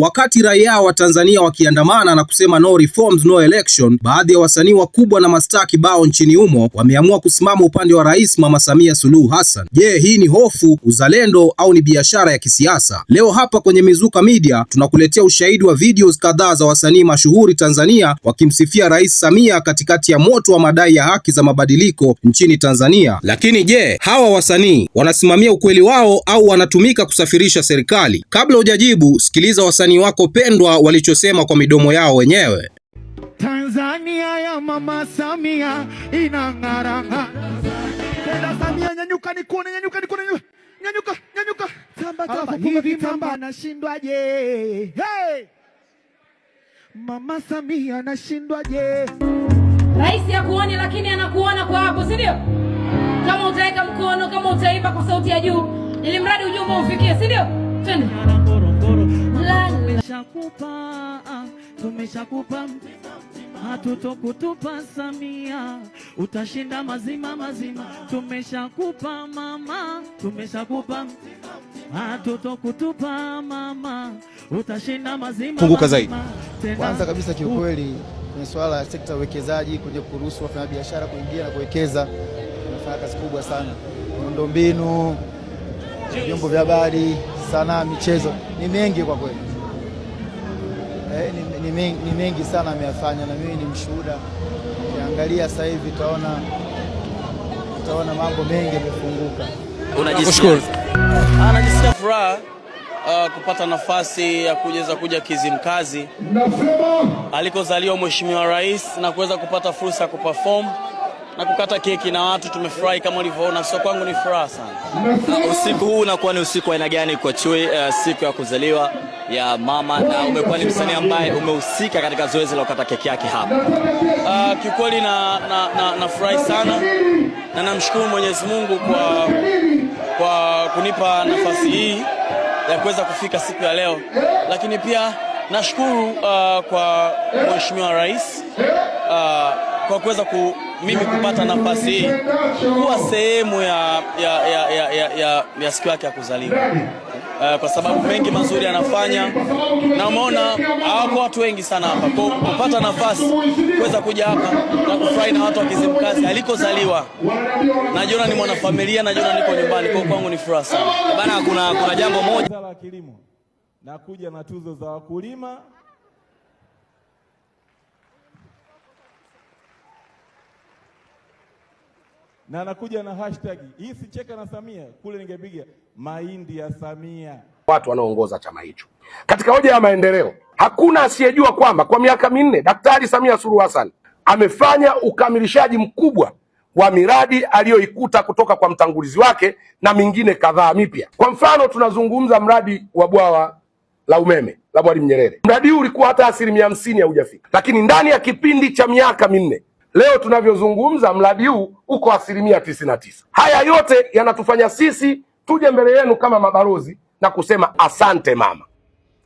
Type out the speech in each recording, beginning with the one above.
Wakati raia wa Tanzania wakiandamana na kusema no reforms no election, baadhi ya wasanii wakubwa na mastaa kibao nchini humo wameamua kusimama upande wa Rais Mama Samia Suluhu Hassan. Je, hii ni hofu, uzalendo au ni biashara ya kisiasa? Leo hapa kwenye Mizuka Media tunakuletea ushahidi wa videos kadhaa za wasanii mashuhuri Tanzania wakimsifia Rais Samia katikati ya moto wa madai ya haki za mabadiliko nchini Tanzania. Lakini je, hawa wasanii wanasimamia ukweli wao au wanatumika kusafirisha serikali? Kabla hujajibu, sikiliza wasanii wasanii wako pendwa walichosema kwa midomo yao wenyewe. Tanzania ya Mama Samia inang'ara Mama Samia anashindwaje? Rais hakuoni lakini anakuona kwa hapo, si ndio? Kama utaweka mkono, kama utaimba kwa sauti ya juu, ili mradi ujumbe ufikie, si ndio? Tumeshakupa, hatutokutupa Samia, utashinda mazima mazima. Tumeshakupa mama, tumeshakupa, hatutokutupa mama, utashinda mazima. zaidi. Kwanza kabisa kiukweli kwenye swala ya sekta ya uwekezaji kuja kuruhusu wafanyabiashara kuingia na kuwekeza, unafanya kazi kubwa sana, miundombinu, vyombo vya habari sanaa, michezo ni mengi kwa kweli eh, ni, ni, mengi, ni mengi sana ameyafanya, na mimi ni mshuhuda. Ukiangalia sasa hivi utaona utaona mambo mengi yamefunguka. Unajisikia? Ah, Anajisikia furaha uh, kupata nafasi ya kuweza kuja Kizimkazi alikozaliwa Mheshimiwa Rais na kuweza kupata fursa ya kuperform na kukata keki na watu tumefurahi kama ulivyoona, so kwangu ni furaha sana. usiku huu unakuwa ni usiku wa aina gani kwa Chui, uh, siku ya kuzaliwa ya mama, na umekuwa ni msanii ambaye umehusika katika zoezi la kukata keki yake hapa? Uh, kiukweli na, na, na, na furahi sana na namshukuru Mwenyezi Mungu kwa, kwa kunipa nafasi hii ya kuweza kufika siku ya leo, lakini pia nashukuru uh, kwa Mheshimiwa Rais uh, kwa kuweza ku, mimi kupata nafasi hii kuwa sehemu ya, ya, ya, ya, ya, ya, ya siku yake ya kuzaliwa uh, kwa sababu mengi mazuri anafanya, na umeona hawako watu wengi sana hapa, kwa kupata nafasi kuweza kuja hapa na kufurahi na watu wa Kizimkazi alikozaliwa. Najiona ni mwanafamilia, najiona niko nyumbani, kwa kwangu ni furaha sana bana. Kuna, kuna jambo moja la kilimo na kuja na tuzo za wakulima na anakuja na hashtag hii, si cheka na Samia kule, ningepiga mahindi ya Samia. Watu wanaoongoza chama hicho katika hoja ya maendeleo, hakuna asiyejua kwamba kwa miaka minne Daktari Samia Suluhu Hassan amefanya ukamilishaji mkubwa wa miradi aliyoikuta kutoka kwa mtangulizi wake na mingine kadhaa mipya. Kwa mfano, tunazungumza mradi wa bwawa la umeme la Mwalimu Nyerere. Mradi huu ulikuwa hata asilimia hamsini haujafika, lakini ndani ya kipindi cha miaka minne Leo tunavyozungumza mradi huu uko asilimia tisini na tisa. Haya yote yanatufanya sisi tuje mbele yenu kama mabalozi na kusema asante mama.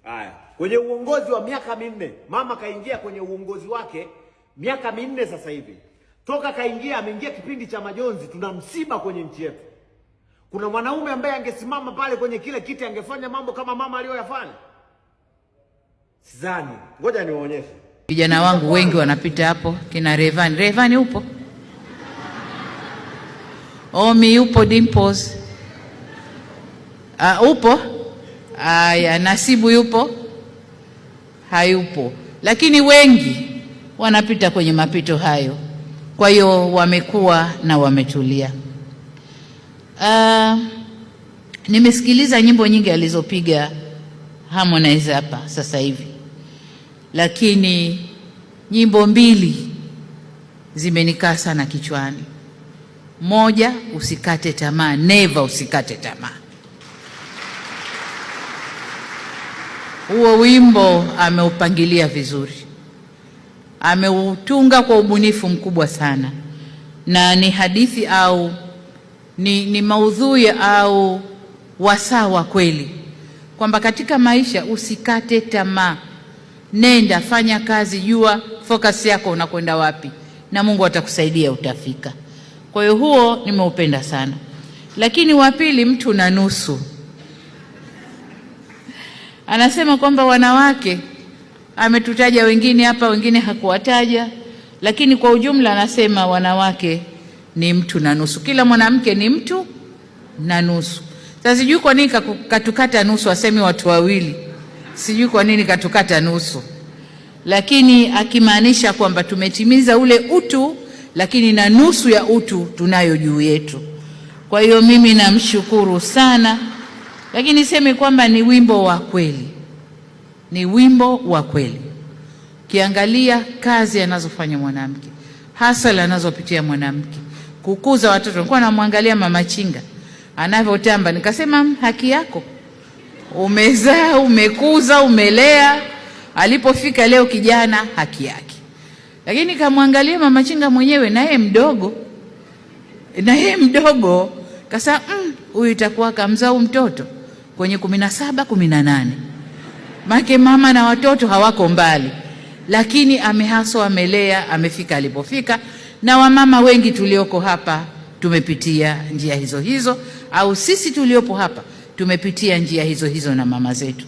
Haya, kwenye uongozi wa miaka minne mama kaingia kwenye uongozi wake miaka minne sasa hivi, toka kaingia, ameingia kipindi cha majonzi. Tuna msiba kwenye nchi yetu. Kuna mwanaume ambaye angesimama pale kwenye kile kiti angefanya mambo kama mama aliyoyafanya? Sidhani. Ngoja niwaonyeshe. Vijana wangu wengi wanapita hapo, kina Revani. Revani upo? Omi upo? Dimples uh, upo? Aya, Nasibu yupo? Hayupo, lakini wengi wanapita kwenye mapito hayo. Kwa hiyo wamekuwa na wametulia. Uh, nimesikiliza nyimbo nyingi alizopiga Harmonize hapa sasa hivi lakini nyimbo mbili zimenikaa sana kichwani. Moja, usikate tamaa, neva usikate tamaa. Huo wimbo ameupangilia vizuri, ameutunga kwa ubunifu mkubwa sana, na ni hadithi au ni, ni maudhui au wasaa wa kweli kwamba katika maisha usikate tamaa nenda fanya kazi, jua focus yako unakwenda wapi, na Mungu atakusaidia utafika. Kwa hiyo huo nimeupenda sana, lakini wa pili, mtu na nusu, anasema kwamba wanawake, ametutaja wengine hapa, wengine hakuwataja, lakini kwa ujumla anasema wanawake ni mtu na nusu, kila mwanamke ni mtu na nusu. Sasa sijui kwa nini katukata nusu, asemi watu wawili sijui kwa nini katukata nusu, lakini akimaanisha kwamba tumetimiza ule utu, lakini na nusu ya utu tunayo juu yetu. Kwa hiyo mimi namshukuru sana, lakini niseme kwamba ni wimbo wa kweli, ni wimbo wa kweli. Ukiangalia kazi anazofanya mwanamke, hasala anazopitia mwanamke, kukuza watoto. Nilikuwa namwangalia Mama Chinga anavyotamba, nikasema mm, haki yako umezaa, umekuza, umelea. Alipofika leo kijana, haki yake. Lakini kamwangalia mama chinga mwenyewe, naye mdogo, naye mdogo kasa, mm, huyu mm, itakuwa kamzau mtoto kwenye kumi na saba kumi na nane make mama na watoto hawako mbali, lakini amehaswa, amelea, amefika alipofika. Na wamama wengi tulioko hapa tumepitia njia hizo hizo, au sisi tuliopo hapa tumepitia njia hizo hizo na mama zetu.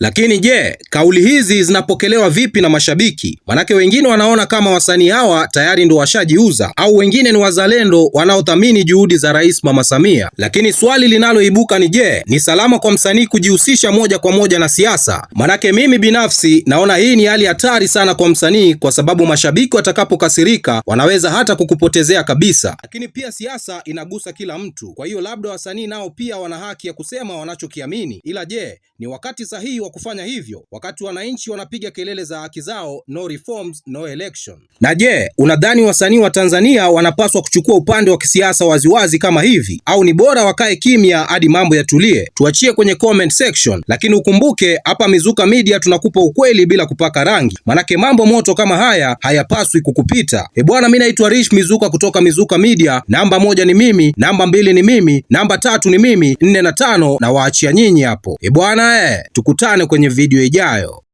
Lakini je, kauli hizi zinapokelewa vipi na mashabiki? Manake wengine wanaona kama wasanii hawa tayari ndo washajiuza, au wengine ni wazalendo wanaothamini juhudi za Rais Mama Samia. Lakini swali linaloibuka ni je, ni salama kwa msanii kujihusisha moja kwa moja na siasa? Manake mimi binafsi naona hii ni hali hatari sana kwa msanii, kwa sababu mashabiki watakapokasirika wanaweza hata kukupotezea kabisa. Lakini pia siasa inagusa kila mtu, kwa hiyo labda wasanii nao pia wana haki ya kusema wanachokiamini, ila je, ni wakati sahihi wa kufanya hivyo wakati wananchi wanapiga kelele za haki zao, no reforms, no election. Na je, unadhani wasanii wa Tanzania wanapaswa kuchukua upande wa kisiasa waziwazi kama hivi au ni bora wakae kimya hadi mambo yatulie? Tuachie kwenye comment section, lakini ukumbuke hapa Mizuka Media tunakupa ukweli bila kupaka rangi, manake mambo moto kama haya hayapaswi kukupita. E bwana, mimi naitwa Rich Mizuka kutoka Mizuka Media. Namba moja ni mimi, namba mbili ni mimi, namba tatu ni mimi, nne na tano na waachia nyinyi hapo. E bwana, eh, tukutane tukutane kwenye video ijayo.